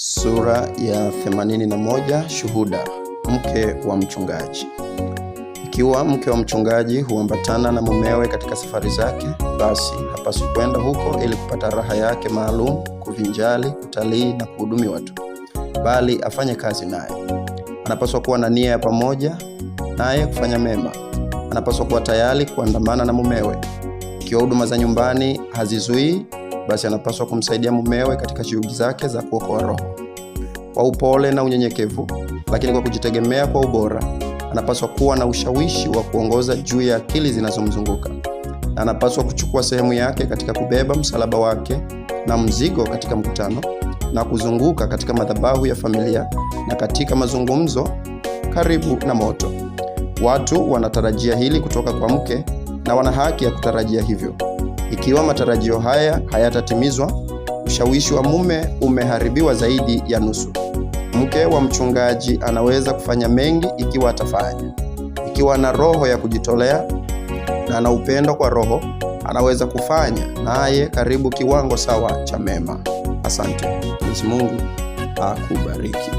Sura ya 81 Shuhuda, mke wa mchungaji. Ikiwa mke wa mchungaji huambatana na mumewe katika safari zake, basi hapaswi kwenda huko ili kupata raha yake maalum, kuvinjali, kutalii na kuhudumiwa watu, bali afanye kazi naye. Anapaswa kuwa na nia ya pamoja naye kufanya mema. Anapaswa kuwa tayari kuandamana na mumewe. Ikiwa huduma za nyumbani hazizuii basi anapaswa kumsaidia mumewe katika shughuli zake za kuokoa roho kwa upole na unyenyekevu, lakini kwa kujitegemea kwa ubora. Anapaswa kuwa na ushawishi wa kuongoza juu ya akili zinazomzunguka na anapaswa kuchukua sehemu yake katika kubeba msalaba wake na mzigo katika mkutano na kuzunguka katika madhabahu ya familia na katika mazungumzo karibu na moto. Watu wanatarajia hili kutoka kwa mke na wana haki ya kutarajia hivyo. Ikiwa matarajio haya hayatatimizwa, ushawishi wa mume umeharibiwa zaidi ya nusu. Mke wa mchungaji anaweza kufanya mengi ikiwa atafanya. Ikiwa ana roho ya kujitolea na ana upendo kwa roho, anaweza kufanya naye karibu kiwango sawa cha mema. Asante. Mwenyezi Mungu akubariki.